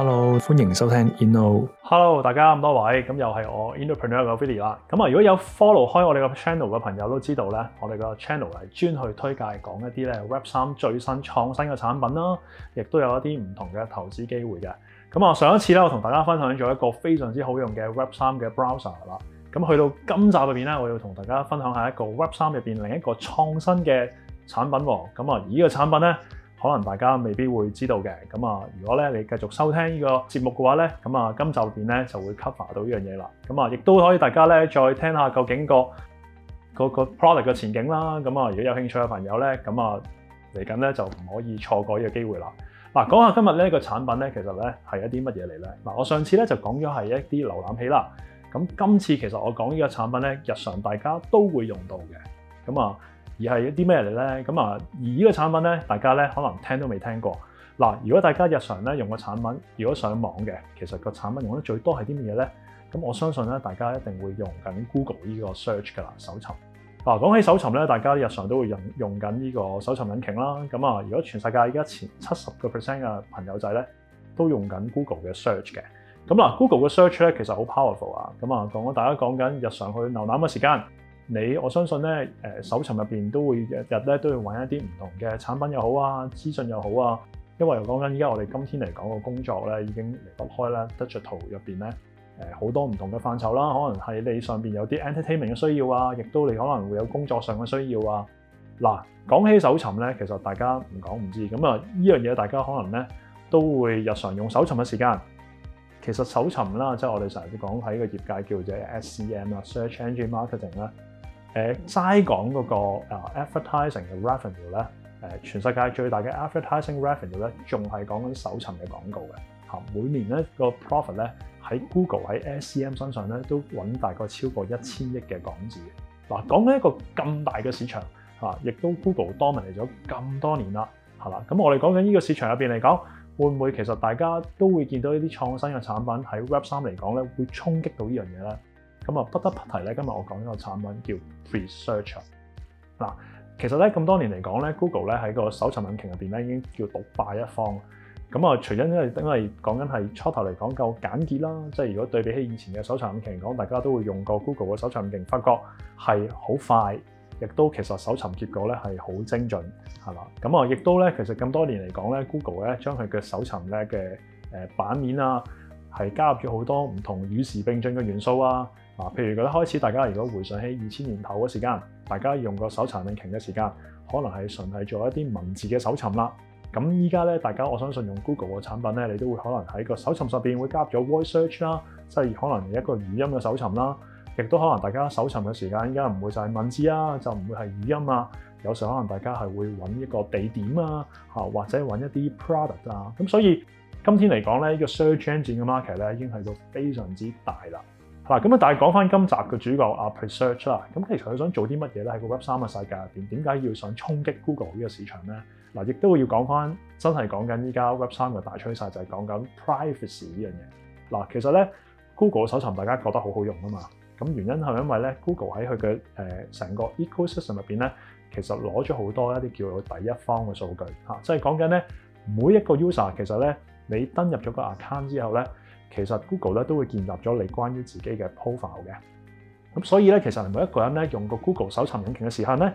hello，歡迎收聽 Inno。Hello，大家咁多位，咁又係我 Entrepreneur 個 Vidi 啦。咁啊，如果有 follow 開我哋個 channel 嘅朋友都知道咧，我哋個 channel 係專去推介講一啲咧 Web 三最新創新嘅產品啦，亦都有一啲唔同嘅投資機會嘅。咁啊，上一次咧，我同大家分享咗一個非常之好用嘅 Web 三嘅 Browser 啦。咁去到今集入面咧，我要同大家分享一下一個 Web 三入面另一個創新嘅產品喎。咁啊，而呢個產品咧。可能大家未必會知道嘅，咁啊，如果咧你繼續收聽呢個節目嘅話咧，咁啊，今集入邊咧就會 cover 到呢樣嘢啦。咁啊，亦都可以大家咧再聽下究竟個個個 product 嘅前景啦。咁啊，如果有興趣嘅朋友咧，咁啊嚟緊咧就唔可以錯過呢個機會啦。嗱、啊，講下今日呢、呢個產品咧，其實咧係一啲乜嘢嚟咧？嗱、啊，我上次咧就講咗係一啲瀏覽器啦。咁今次其實我講呢個產品咧，日常大家都會用到嘅。咁啊。而係一啲咩嚟咧？咁啊，而呢個產品咧，大家咧可能聽都未聽過。嗱，如果大家日常咧用個產品，如果上網嘅，其實個產品用得最多係啲咩嘢咧？咁我相信咧，大家一定會用緊 Google 呢個 search 噶啦，搜尋。嗱，講起搜尋咧，大家日常都會用用緊呢個搜尋引擎啦。咁啊，如果全世界而家前七十個 percent 嘅朋友仔咧，都用緊 Google 嘅 search 嘅。咁啊，Google 嘅 search 咧其實好 powerful 啊。咁啊，同我大家講緊日常去瀏覽嘅時間。你我相信咧，誒搜尋入面都會日日都要揾一啲唔同嘅產品又好啊，資訊又好啊。因為講緊依家我哋今天嚟講個工作咧，已經離不開 Digital 入面咧，好 多唔同嘅範疇啦。可能係你上面有啲 entertainment 嘅需要啊，亦都你可能會有工作上嘅需要啊。嗱，講起搜尋咧，其實大家唔講唔知。咁啊，呢樣嘢大家可能咧都會日常用搜尋嘅時間。其實搜尋啦，即係我哋成日都講喺個業界叫做 SCM 啊 search engine marketing 啦。誒齋講嗰個 advertising 嘅 revenue 咧，誒全世界最大嘅 advertising revenue 咧，仲係講緊搜尋嘅廣告嘅，嚇每年咧個 profit 咧喺 Google 喺 SCM 身上咧都揾大概超過一千億嘅港紙。嗱，講緊一個咁大嘅市場，嚇亦都 Google dominate 嚟咗咁多年啦，係啦，咁我哋講緊呢個市場入邊嚟講，會唔會其實大家都會見到一啲創新嘅產品喺 Web 三嚟講咧，會衝擊到這件事呢樣嘢咧？咁啊，不得不提咧，今日我講呢個產品叫 Presearch 啊、er。嗱，其實咧咁多年嚟講咧，Google 咧喺個搜尋引擎入邊咧已經叫獨霸一方。咁啊，除咗因為因為講緊係初頭嚟講夠簡潔啦，即係如果對比起以前嘅搜尋引擎嚟講，大家都會用過 Google 嘅搜尋引擎，發覺係好快，亦都其實搜尋結果咧係好精準。係啦。咁啊，亦都咧其實咁多年嚟講咧，Google 咧將佢嘅搜尋咧嘅誒版面啊，係加入咗好多唔同與時並進嘅元素啊。嗱、啊，譬如一開始，大家如果回想起二千年頭嘅時間，大家用個搜查引擎嘅時間，可能係純係做一啲文字嘅搜尋啦。咁依家咧，大家我相信用 Google 嘅產品咧，你都會可能喺個搜尋上面會加入咗 Voice Search 啦、啊，即係可能一個語音嘅搜尋啦。亦都可能大家搜尋嘅時間，依家唔會就係文字啊，就唔會係語音啊。有時候可能大家係會揾一個地點啊，啊或者揾一啲 product 啊。咁、啊、所以今天嚟講咧，這個、呢個 Search Engine 嘅 market 咧已經係到非常之大啦。嗱咁啊，但係講翻今集嘅主角啊，research 啦，咁其實佢想做啲乜嘢咧？喺個 Web 三嘅世界入邊，點解要想衝擊 Google 呢個市場咧？嗱，亦都會要講翻，真係講緊依家 Web 三嘅大趨勢就係講緊 privacy 呢樣嘢。嗱，其實咧 Google 嘅搜尋大家覺得好好用啊嘛，咁原因係因為咧 Google 喺佢嘅誒成個 ecosystem 入邊咧，其實攞咗好多一啲叫做第一方嘅數據嚇，即係講緊咧每一個 user 其實咧你登入咗個 account 之後咧。其實 Google 咧都會建立咗你關於自己嘅 profile 嘅，咁所以咧其實每一個人咧用個 Google 搜尋引擎嘅時限咧，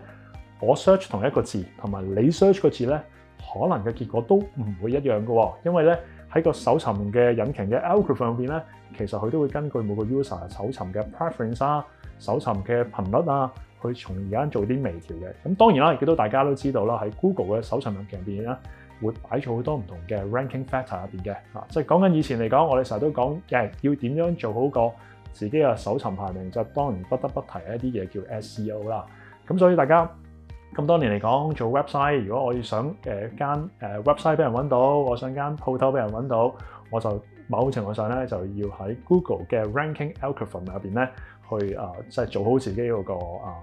我 search 同一個字，同埋你 search 個字咧，可能嘅結果都唔會一樣嘅喎，哦，因為咧喺個搜尋嘅引擎嘅 algorithm 入面咧，其實佢都會根據每個 user 搜尋嘅 preference 啊、搜尋嘅頻率啊，去從而間做啲微調嘅。咁當然啦，亦都大家都知道啦，喺 Google 嘅搜尋引擎入面啦。會擺咗好多唔同嘅 ranking factor 入面嘅啊，即係講緊以前嚟講，我哋成日都講誒要點樣做好個自己嘅搜尋排名。就是、當然不得不提一啲嘢叫 SEO 啦。咁所以大家咁多年嚟講做 website，如果我要想誒間 website 俾人揾到，我想一間鋪頭俾人揾到，我就某種情況上咧就要喺 Google 嘅 ranking algorithm 入面咧去啊，即、呃、係、就是、做好自己嗰個啊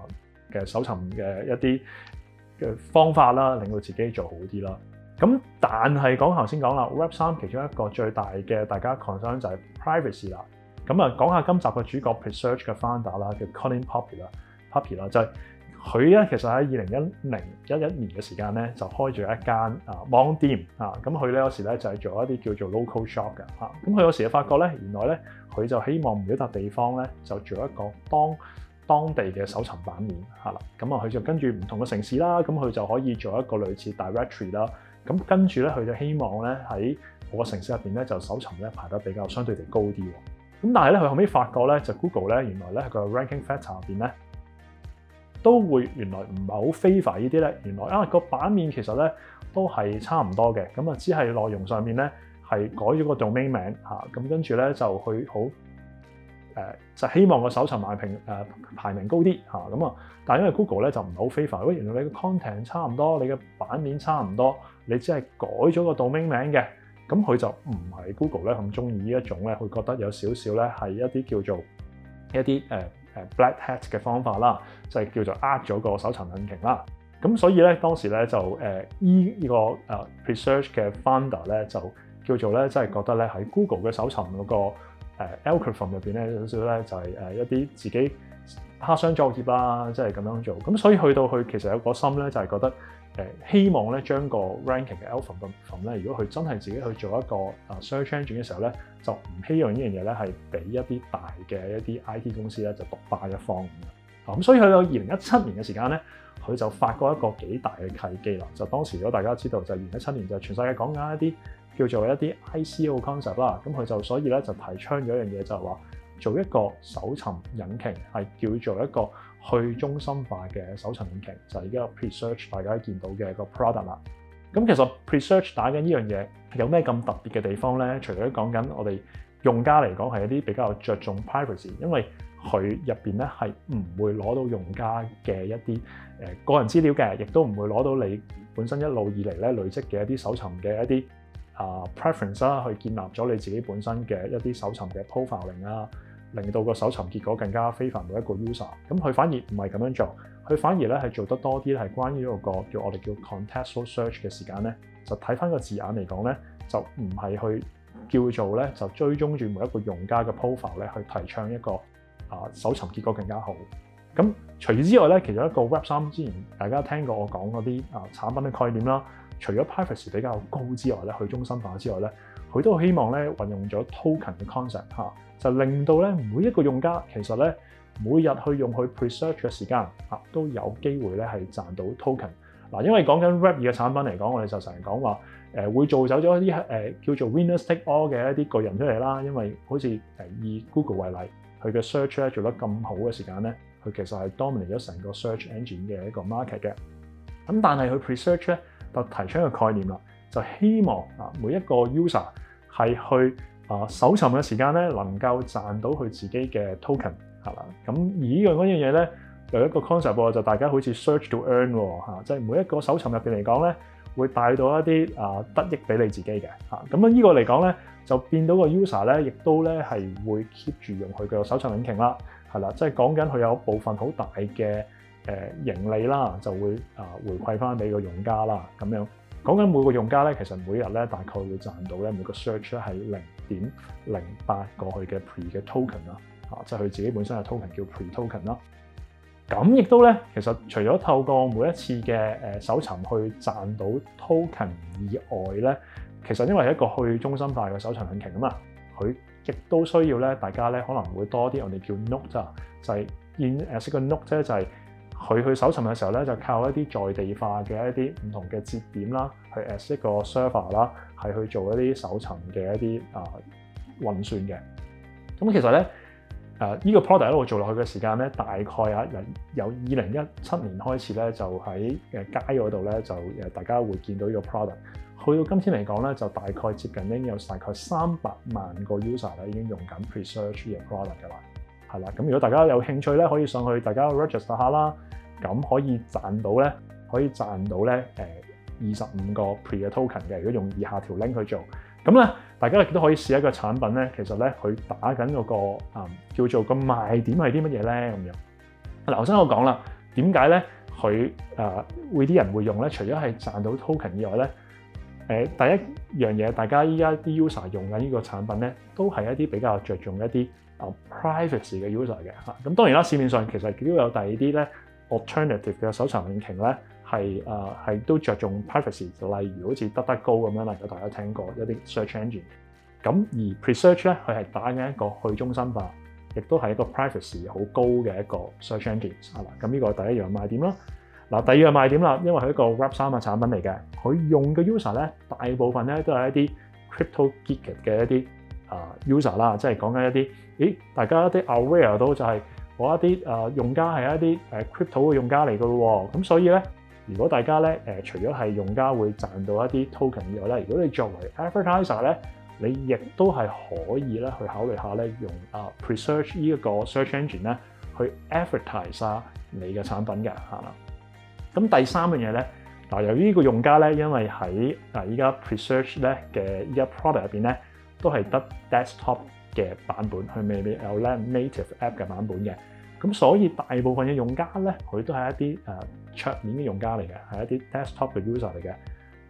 嘅、呃、搜尋嘅一啲嘅方法啦，令到自己做好啲啦。咁但係講頭先講啦，Web 三其中一個最大嘅大家 concern 就係 privacy 啦。咁啊，講下今集嘅主角 research 嘅 founder 啦，叫 Colin Poppy 啦，Poppy 啦，就係佢咧。其實喺二零一零一一年嘅時間咧，就開咗一間啊網店啊。咁佢咧有時咧就係做一啲叫做 local shop 嘅吓。咁佢有時就發覺咧，原來咧佢就希望每笪地方咧就做一個當，當地嘅搜尋版面啦。咁啊，佢就跟住唔同嘅城市啦，咁佢就可以做一個類似 directory 啦。咁跟住咧，佢就希望咧喺我個城市入面咧，就搜尋咧排得比較相對地高啲。咁但係咧，佢後尾發覺咧，就 Google 咧原來咧喺個 ranking factor 入面咧都會原來唔係好 fair 呢啲咧。原來啊個、啊、版面其實咧都係差唔多嘅，咁啊只係內容上面咧係改咗個 domain 名咁、啊、跟住咧就佢好、呃、就希望個搜尋排名排名高啲嚇。咁啊，但因為 Google 咧就唔係好 fair 喂，原來你個 content 差唔多，你嘅版面差唔多。你只係改咗個 domain 名嘅，咁佢就唔係 Google 咧咁中意呢一種咧，佢覺得有少少咧係一啲叫做一啲誒誒 black hat 嘅方法啦，就係、即係、叫做呃咗個搜尋引擎啦。咁所以咧當時咧就誒依依個誒 research 嘅 founder 咧就叫做咧即係覺得咧喺 Google 嘅搜尋嗰個 algorithm 入邊咧有少少咧就係誒一啲自己。黑箱作業啦、啊，即係咁樣做，咁所以去到佢，其實有個心咧，就係覺得誒、呃、希望咧將個 ranking 嘅 alpha 部分咧，如果佢真係自己去做一個啊 search engine 嘅時候咧，就唔希望呢樣嘢咧係俾一啲大嘅一啲 IT 公司咧就獨霸一方咁。所以去到二零一七年嘅時間咧，佢就發覺一個幾大嘅契機啦。就當時如果大家知道，就二零一七年就全世界講緊一啲叫做一啲 ICO concept 啦，咁佢就所以咧就提倡咗一樣嘢，就係話，做一個搜尋引擎係叫做一個去中心化嘅搜尋引擎，就係而家 Presearch 大家見到嘅個 product 啦。咁其實 Presearch 打緊呢樣嘢有咩咁特別嘅地方咧？除咗講緊我哋用家嚟講係一啲比較著重 privacy，因為佢入邊咧係唔會攞到用家嘅一啲誒個人資料嘅，亦都唔會攞到你本身一路以嚟咧累積嘅一啲搜尋嘅一啲啊 preference 啦，去建立咗你自己本身嘅一啲搜尋嘅 profiling 令到個搜尋結果更加非凡，每一個 user，咁佢反而唔係咁樣做，佢反而咧係做得多啲，係關於一個叫我哋叫 contextual search 嘅時間咧，就睇翻個字眼嚟講咧，就唔係去叫做咧，就追蹤住每一個用家嘅 profile 咧，去提倡一個啊搜尋結果更加好。咁除此之外咧，其實一個 web 三之前大家聽過我講嗰啲啊產品嘅概念啦，除咗 privacy 比較高之外咧，去中心化之外咧。佢都希望咧，運用咗 token 嘅 concept 就令到咧每一個用家其實咧每日去用去 Presearch 嘅時間都有機會咧係賺到 token。嗱，因為講緊 web 二嘅產品嚟講，我哋就成日講話會做走咗一啲叫做 winners take all 嘅一啲巨人出嚟啦。因為好似以 Google 為例，佢嘅 search 做得咁好嘅時間咧，佢其實係 dominate 咗成個 search engine 嘅一個 market 嘅。咁但係佢 Presearch 咧就提出一個概念啦。就希望啊每一個 user 係去啊搜尋嘅時間咧，能夠賺到佢自己嘅 token 係啦。咁而另外嗰樣嘢咧有一個 concept 就大家好似 search to earn 喎嚇，即係每一個搜尋入邊嚟講咧會帶到一啲啊得益俾你自己嘅嚇。咁樣呢個嚟講咧就變到個 user 咧亦都咧係會 keep 住用佢嘅搜尋引擎啦，係啦，即係講緊佢有部分好大嘅誒盈利啦，就會啊回饋翻俾個用家啦咁樣。講緊每個用家咧，其實每日咧大概會賺到咧每個 search 咧係零點零八過去嘅 pre 嘅 token 啦，嚇，即係佢自己本身嘅 token 叫 pre token 啦。咁亦都咧，其實除咗透過每一次嘅誒搜尋去賺到 token 以外咧，其實因為係一個去中心化嘅搜尋引擎啊嘛，佢亦都需要咧大家咧可能會多啲我哋叫 note 咋，就係英誒識個 note 啫，就係、是。佢去搜尋嘅時候咧，就靠一啲在地化嘅一啲唔同嘅節點啦，去 as 一個 server 啦，係去做一啲搜尋嘅一啲啊、呃、運算嘅。咁其實咧，誒、呃、呢、呢個 product 我做落去嘅時間咧，大概啊由由二零一七年開始咧，就喺街嗰度咧，就大家會見到呢個 product。去到今天嚟講咧，就大概接近已經有大概三百萬個 user 咧，已經用緊 presearch 嘅 product 嘅啦，係啦。咁如果大家有興趣咧，可以上去大家 register 下啦。咁可以賺到咧，可以賺到咧，誒二十五個 pre 嘅 token 嘅。如果用以下條 link 去做，咁咧大家亦都可以試一個產品咧。其實咧佢打緊嗰、那個啊、嗯、叫做個賣點係啲乜嘢咧咁樣。嗱，頭先我講啦，點解咧佢會啲人會用咧？除咗係賺到 token 以外咧、呃，第一樣嘢，大家依家啲 user 用緊呢個產品咧，都係一啲比較着重一啲、uh, 啊 privacy 嘅 user 嘅嚇。咁當然啦，市面上其實都有第二啲咧。alternative 嘅搜尋引擎咧，係、呃、都着重 privacy，例如好似得得高咁樣，有大家有聽過一啲 search engine。咁而 presearch 咧，佢係打緊一個去中心化，亦都係一個 privacy 好高嘅一個 search engine。係、啊、啦，咁呢個第一樣賣點啦。嗱、啊，第二樣賣點啦，因為佢一個 web 三嘅產品嚟嘅，佢用嘅 user 咧，大部分咧都係一啲 crypto geek 嘅一啲、啊、user 啦，即係講緊一啲，咦，大家啲 aware 到就係、是。我一啲用家係一啲 crypto 嘅用家嚟㗎喎，咁所以咧，如果大家咧除咗係用家會賺到一啲 token 以外咧，如果你作為 advertiser 咧，你亦都係可以咧去考慮一下咧，用啊 Presearch 依一個 search engine 咧去 advertise、啊、你嘅產品嘅。咁第三樣嘢咧，嗱由於依個用家咧，因為喺啊依家 Presearch 咧嘅依個 product 入邊咧，都係得 desktop 嘅版本，佢未必有咧 native app 嘅版本嘅。咁所以大部分嘅用家咧，佢都係一啲誒桌面嘅用家嚟嘅，係一啲 desktop 嘅 user 嚟嘅。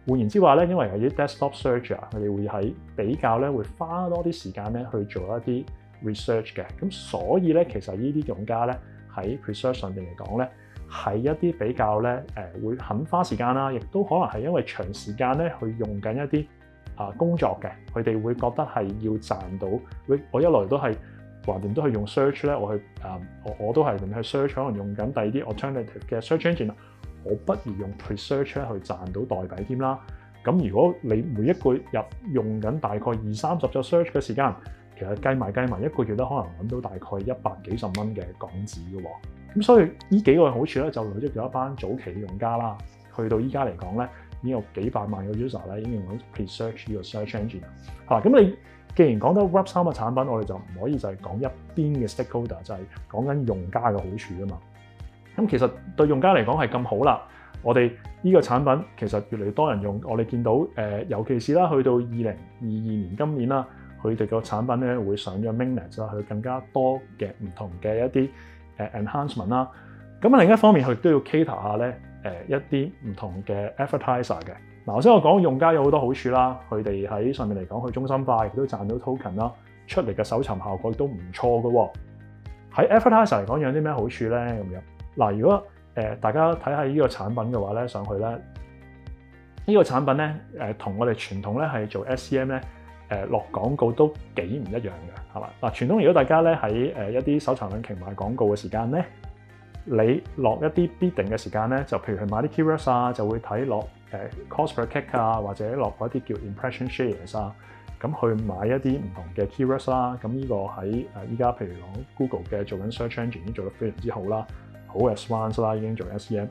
換言之話咧，因為有啲 desktop searcher，佢哋會喺比較咧，會花多啲時間咧去做一啲 research 嘅。咁所以咧，其實呢啲用家咧喺 research 上面嚟講咧，係一啲比較咧誒、呃，會肯花時間啦，亦都可能係因為長時間咧去用緊一啲啊、呃、工作嘅，佢哋會覺得係要賺到。會我一來都係。橫掂都係用 search 咧，我去、嗯、我我都係咁去 search，可能用緊第二啲 alternative 嘅 search engine，我不如用 pre-search 咧去賺到代幣添啦。咁如果你每一個日用緊大概二三十隻 search 嘅時間，其實計埋計埋一個月都可能揾到大概一百幾十蚊嘅港紙嘅。咁所以呢幾個好處咧，就累積咗一班早期用家啦。去到依家嚟講咧。已經有幾百萬嘅 user 咧，已經用 Presearch 呢個 search engine 啦，咁你既然講到 Web3 嘅產品，我哋就唔可以就係講一邊嘅 stakeholder，就係講緊用家嘅好處啊嘛。咁其實對用家嚟講係咁好啦。我哋呢個產品其實越嚟越多人用，我哋見到、呃、尤其是啦，去到二零二二年今年啦，佢哋個產品咧會上咗 mainnet 啦，去更加多嘅唔同嘅一啲 enhancement 啦。咁另一方面，佢都要 cater 下咧。誒一啲唔同嘅 advertiser 嘅，嗱，頭先我講用家有好多好處啦，佢哋喺上面嚟講去中心化亦都賺到 token 啦，出嚟嘅搜尋效果都唔錯㗎喎。喺 advertiser 嚟講有啲咩好處咧？咁樣嗱，如果誒大家睇下呢個產品嘅話咧，上去咧呢個產品咧誒同我哋傳統咧係做 SEM 咧誒落廣告都幾唔一樣嘅，係嘛？嗱，傳統如果大家咧喺誒一啲搜尋引擎賣廣告嘅時間咧。你落一啲 bidding 嘅時間咧，就譬如去買啲 keywords 啊，就會睇落誒 cost per click 啊，或者落嗰一啲叫 impression shares 啊，咁去買一啲唔同嘅 keywords 啦。咁呢個喺依家譬如講 Google 嘅做緊 search engine 已經做得非常之好啦，好 as ones 啦，已經做緊 SEM。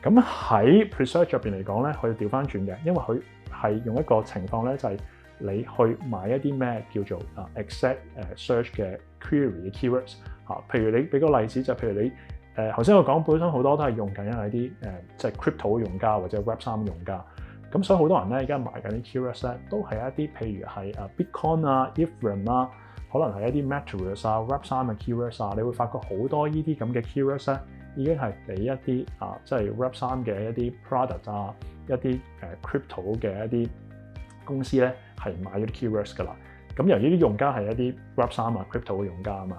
咁喺 search 入邊嚟講咧，佢調翻轉嘅，因為佢係用一個情況咧，就係你去買一啲咩叫做啊 exact 誒 search 嘅 query 嘅 keywords 嚇。譬如你俾個例子就譬如你。誒頭先我講本身好多都係用緊一啲誒即係 crypto 用家或者 web 三用家，咁所以好多人咧而家買緊啲 c u r s 咧，都係一啲譬如係誒 bitcoin 啊、ethereum 啊，可能係一啲 metaverse 啊、啊 web 三嘅 c u r s 啊，你會發覺好多呢啲咁嘅 c u r s 咧，已經係畀一啲啊即係、就是、web 三嘅一啲 product 啊、一啲誒 crypto 嘅一啲公司咧係買咗啲 c u r s 噶啦。咁由於啲用家係一啲 web 三啊、啊、crypto 嘅用家啊嘛。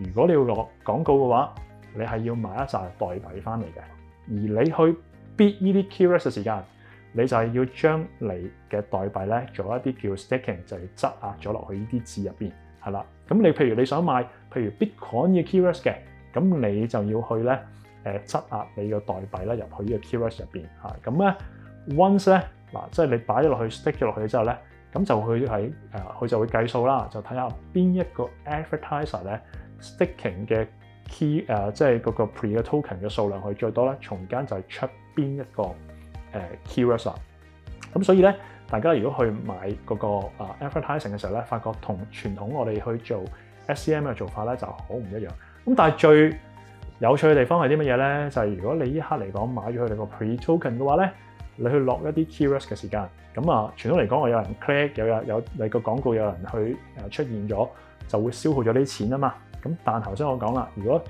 如果你要落廣告嘅話，你係要買一紮代幣翻嚟嘅。而你去 bid 依啲 keywords 嘅時間，你就係要將你嘅代幣咧做一啲叫 staking 就係擠壓咗落去呢啲字入邊，係啦。咁你譬如你想買，譬如 Bitcoin 嘅 keywords 嘅，咁你就要去咧誒擠壓你嘅代幣咧入去這個裏面呢個 keywords 入邊嚇。咁咧 once 咧嗱，即係你擺咗落去 staking 落去之後咧，咁就會喺誒佢就會計數啦，就睇下邊一個 advertiser 咧。sticking 嘅 key、呃、即係嗰個 pre token 嘅數量去最多咧，從間就係出邊一個 key risk。咁所以咧，大家如果去買嗰個啊 advertising 嘅時候咧，發覺同傳統我哋去做 SCM 嘅做法咧就好唔一樣。咁但係最有趣嘅地方係啲乜嘢咧？就係、是、如果你呢刻嚟講買咗佢哋個 pre token 嘅話咧，你去落一啲 key risk 嘅時間。咁啊，傳統嚟講我有人 click，有有有你個廣告有人去誒出現咗，就會消耗咗啲錢啊嘛。咁但頭先我講啦，如果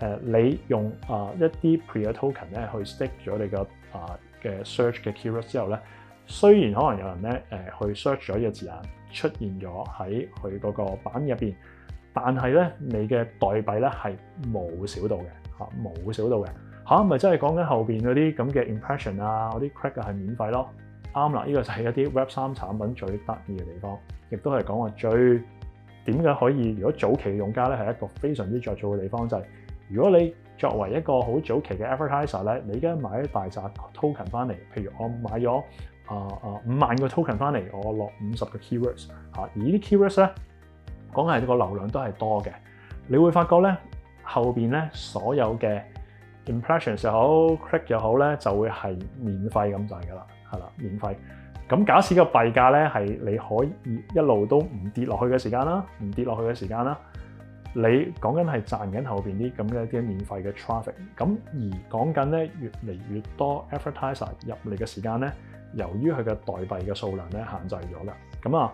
誒你用啊一啲 pre-token 咧去 stick 咗你嘅啊嘅 search 嘅 keyword 之後咧，雖然可能有人咧誒去 search 咗依個字眼出現咗喺佢嗰個版入邊，但係咧你嘅代幣咧係冇少到嘅嚇，冇少到嘅嚇，咪真係講緊後邊嗰啲咁嘅 impression 啊，嗰啲 crack 啊係免費咯，啱啦，呢個就係一啲 web 三產品最得意嘅地方，亦都係講話最。點解可以？如果早期嘅用家咧係一個非常之著重嘅地方，就係、是、如果你作為一個好早期嘅 Advertiser 咧，你而家買一大扎 token 翻嚟，譬如我買咗啊啊五萬個 token 翻嚟，我落五十個 keywords 嚇、啊，而啲 keywords 咧講係個流量都係多嘅，你會發覺咧後邊咧所有嘅 impressions 又好 click 又好咧就會係免費咁就係㗎啦，係啦，免費。咁假使個幣價咧係你可以一路都唔跌落去嘅時間啦，唔跌落去嘅時間啦，你講緊係賺緊後邊啲咁嘅一啲免費嘅 traffic。咁而講緊咧越嚟越多 advertiser 入嚟嘅時間咧，由於佢嘅代幣嘅數量咧限制咗啦，咁啊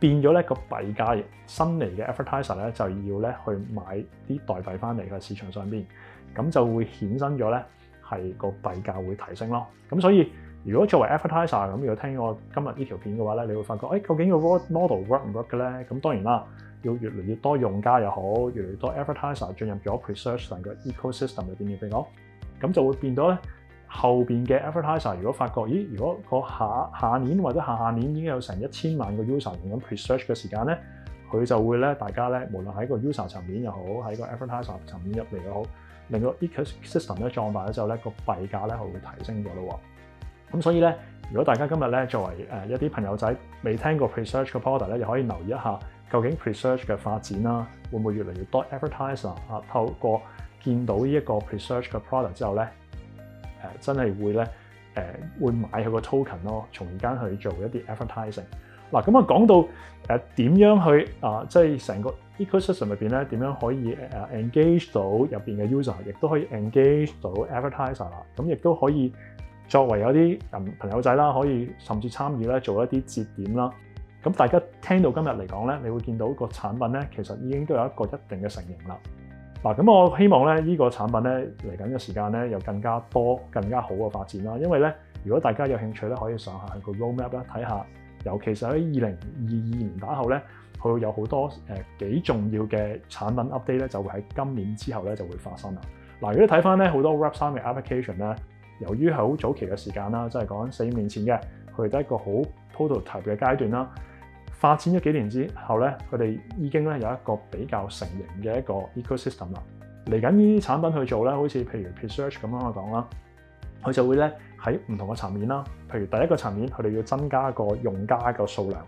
變咗咧個幣價，新嚟嘅 advertiser 咧就要咧去買啲代幣翻嚟嘅市場上邊，咁就會衍生咗咧係個幣價會提升咯。咁所以。如果作為 Advertiser 咁，如果聽過我今日呢條片嘅話咧，你會發覺，誒、哎、究竟個 w o Model work 唔 work 嘅咧？咁當然啦，要越嚟越多用家又好，越嚟越多 Advertiser 進入咗 Presearch 成個 Ecosystem 入面嘅。畀我咁就會變到咧後邊嘅 Advertiser 如果發覺，咦，如果下下年或者下下年已經有成一千萬個 User 用緊 Presearch 嘅時間咧，佢就會咧大家咧無論喺個 User 層面又好，喺個 Advertiser 層面入面又好，令到 Ecosystem 一壯大咗之後咧，個幣價咧係會提升咗咯喎。咁所以咧，如果大家今日咧作為、呃、一啲朋友仔未聽過 Presearch 嘅 product 咧，又可以留意一下究竟 Presearch 嘅發展啦、啊，會唔會越嚟越多 advertiser 啊？透過見到呢一個 Presearch 嘅 product 之後咧、呃，真係會咧誒、呃、會買佢個 token 咯，從而間去做一啲 advertising。嗱咁啊，講、嗯、到誒點、呃、樣去啊，即係成個 ecosystem 入面咧，點樣可以 engage 到入面嘅 user，亦都可以 engage 到 advertiser 啦、啊，咁亦都可以。作為有啲人朋友仔啦，可以甚至參與咧做一啲節點啦。咁大家聽到今日嚟講咧，你會見到個產品咧，其實已經都有一個一定嘅成形啦。嗱，咁我希望咧呢個產品咧嚟緊嘅時間咧，有更加多、更加好嘅發展啦。因為咧，如果大家有興趣咧，可以上下去個 Road Map 啦，睇下。尤其是喺二零二二年打後咧，佢有好多誒幾重要嘅產品 Update 咧，就會喺今年之後咧就會發生啦。嗱，如果你睇翻咧好多 Web 三嘅 Application 咧。由於係好早期嘅時間啦，即係講四五年前嘅，佢哋都係一個好 prototype 嘅階段啦。發展咗幾年之後咧，佢哋已經咧有一個比較成型嘅一個 ecosystem 啦。嚟緊呢啲產品去做咧，好似譬如 research 咁樣去講啦，佢就會咧喺唔同嘅層面啦。譬如第一個層面，佢哋要增加個用家嘅數量。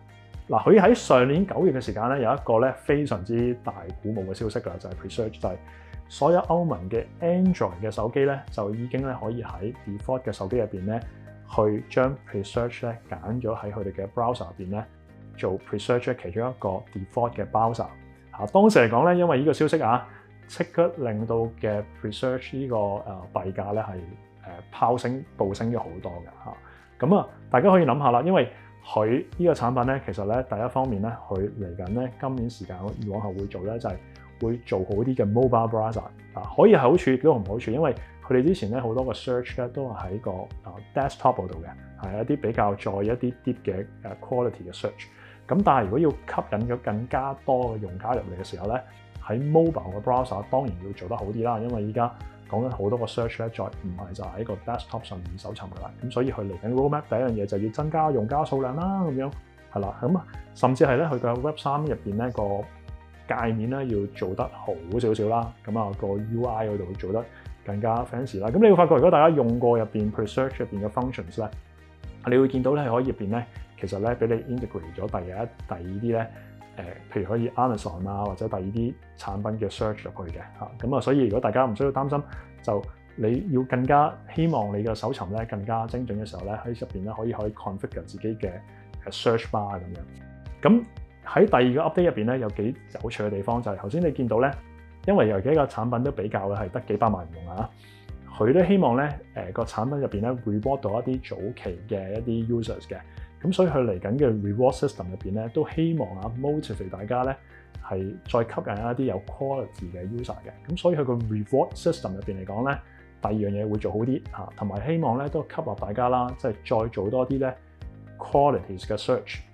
嗱，佢喺上年九月嘅時間咧，有一個咧非常之大鼓舞嘅消息㗎，就係、是、research 就係。所有歐盟嘅 Android 嘅手機咧，就已經咧可以喺 default 嘅手機入邊咧，去將 Presearch 咧揀咗喺佢哋嘅 browser 入邊咧，做 Presearch 嘅其中一個 default 嘅 browser。嚇、啊，當時嚟講咧，因為呢個消息啊，即刻令到嘅 Presearch 呢個誒幣價咧係拋升、暴升咗好多嘅嚇。咁啊，大家可以諗下啦，因為佢呢個產品咧，其實咧第一方面咧，佢嚟緊咧今年時間往後會做咧就係、是。會做好啲嘅 mobile browser 啊，可以係好處亦都唔好處，因為佢哋之前咧好多個 search 咧都係喺個啊 desktop 度嘅，係一啲比較再一啲啲嘅 quality 嘅 search。咁但係如果要吸引咗更加多嘅用家入嚟嘅時候咧，喺 mobile 嘅 browser 當然要做得好啲啦，因為依家講緊好多個 search 咧再唔係就喺個 desktop 上面搜尋嘅啦。咁所以佢嚟緊 roadmap 第一樣嘢就要增加用家數量啦，咁樣係啦，咁甚至係咧佢嘅 Web3 入面咧個。界面咧要做得好少少啦，咁、那、啊個 UI 度會做得更加 fancy 啦。咁你會發覺，如果大家用過入邊 search 入邊嘅 functions 咧，你會見到咧可以入邊咧，其實咧俾你 integrate 咗第一、第二啲咧，誒、呃、譬如可以 Amazon 啊或者第二啲產品嘅 search 入去嘅吓。咁啊，所以如果大家唔需要擔心，就你要更加希望你嘅搜尋咧更加精準嘅時候咧，喺入邊咧可以可以 configure 自己嘅 search bar 咁樣。咁喺第二個 update 入面咧，有幾有趣嘅地方就係頭先你見到咧，因為尤其一個產品都比較係得幾百萬唔用啊，佢都希望咧誒個產品入面咧 reward 到一啲早期嘅一啲 users 嘅，咁所以佢嚟緊嘅 reward system 入面咧都希望啊 motivate 大家咧係再吸引一啲有 quality 嘅 user 嘅，咁所以佢個 reward system 入面嚟講咧第二樣嘢會做好啲吓，同埋希望咧都吸引大家啦，即係再做多啲咧 qualities 嘅 search。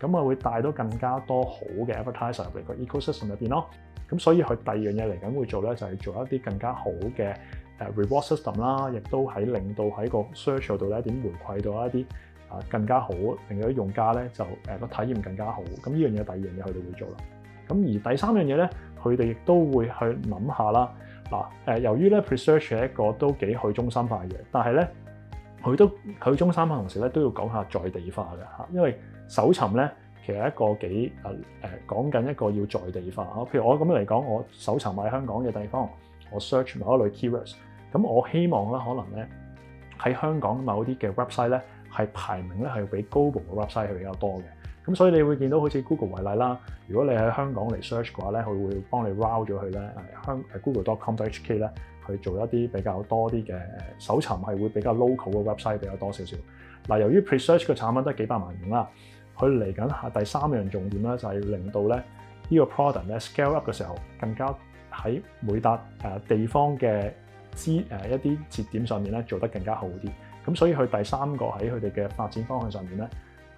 咁啊，會帶到更加多好嘅 advertiser 入嚟個 ecosystem 入邊咯。咁所以佢第二樣嘢嚟緊會做咧，就係做一啲更加好嘅 reward system 啦，亦都喺令到喺個 search 度咧點回饋到一啲啊更加好，令到啲用家咧就誒個體驗更加好。咁呢樣嘢第二樣嘢佢哋會做啦。咁而第三樣嘢咧，佢哋亦都會去諗下啦。嗱由於咧 presearch 係一個都幾去中心化嘅，但係咧佢都去中心化同時咧都要講下在地化嘅嚇，因為搜尋咧，其實一個幾誒誒講緊一個要在地化，譬如我咁樣嚟講，我搜尋埋香港嘅地方，我 search 某一類 keywords，咁我希望咧可能咧喺香港某啲嘅 website 咧係排名咧係比 Google 嘅 website 係比較多嘅，咁所以你會見到好似 Google 為例啦，如果你喺香港嚟 search 嘅話咧，佢會幫你 route 咗去咧香 Google.com.hk 咧去做一啲比較多啲嘅搜尋，係會比較 local 嘅 website 比較多少少。嗱、呃，由於 pre-search 嘅產品得幾百萬元啦。佢嚟緊下第三樣重點咧，就係令到咧呢個 product 咧 scale up 嘅時候，更加喺每笪地方嘅一啲節點上面咧做得更加好啲。咁所以佢第三個喺佢哋嘅發展方向上面咧，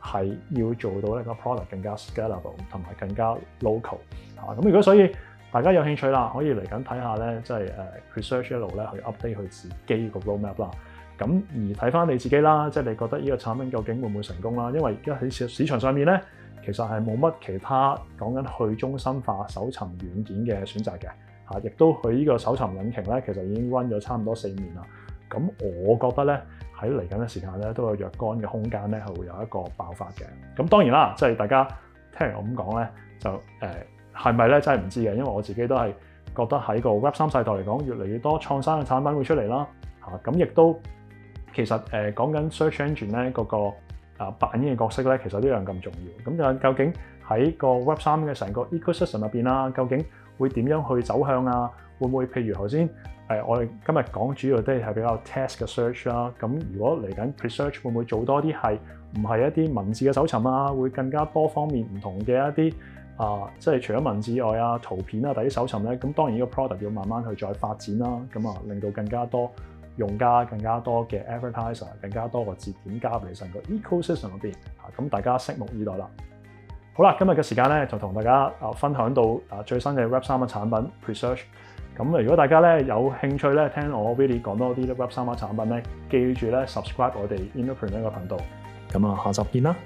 係要做到呢個 product 更加 scalable 同埋更加 local 吓。咁如果所以大家有興趣啦，可以嚟緊睇下咧，即係 research 一路咧去 update 佢自己個 roadmap 啦。咁而睇翻你自己啦，即係你覺得呢個產品究竟會唔會成功啦？因為而家喺市市場上面咧，其實係冇乜其他講緊去中心化搜尋軟件嘅選擇嘅嚇，亦都佢呢個搜尋引擎咧，其實已經 run 咗差唔多四年啦。咁我覺得咧喺嚟緊嘅時間咧，都有若干嘅空間咧，係會有一個爆發嘅。咁當然啦，即係大家聽完我咁講咧，就誒係咪咧真係唔知嘅，因為我自己都係覺得喺個 Web 三世代嚟講，越嚟越多創新嘅產品會出嚟啦嚇，咁亦都。其實誒講緊 search engine 咧，個個啊扮演嘅角色咧，其實呢樣咁重要。咁就究竟喺個 web 三嘅成個 ecosystem 入面啦，究竟會點樣去走向啊？會唔會譬如頭先、呃、我哋今日講主要都係比較 text 嘅 search 啦。咁如果嚟緊 search 會唔會做多啲係唔係一啲文字嘅搜尋啊？會更加多方面唔同嘅一啲啊，即係除咗文字以外啊，圖片啊第啲搜尋咧。咁當然呢個 product 要慢慢去再發展啦，啊。咁啊，令到更加多。用家更加多嘅 Advertiser，更加多個節點加入嚟成個 ecosystem 入邊，啊咁大家拭目以待啦。好啦，今日嘅時間咧就同大家啊分享到啊最新嘅 Web 三嘅產品 Presearch。咁如果大家咧有興趣咧聽我 Vidi 講多啲咧 Web 三嘅產品咧，記住咧 subscribe 我哋 Innopreneur 呢個頻道。咁啊，下集見啦。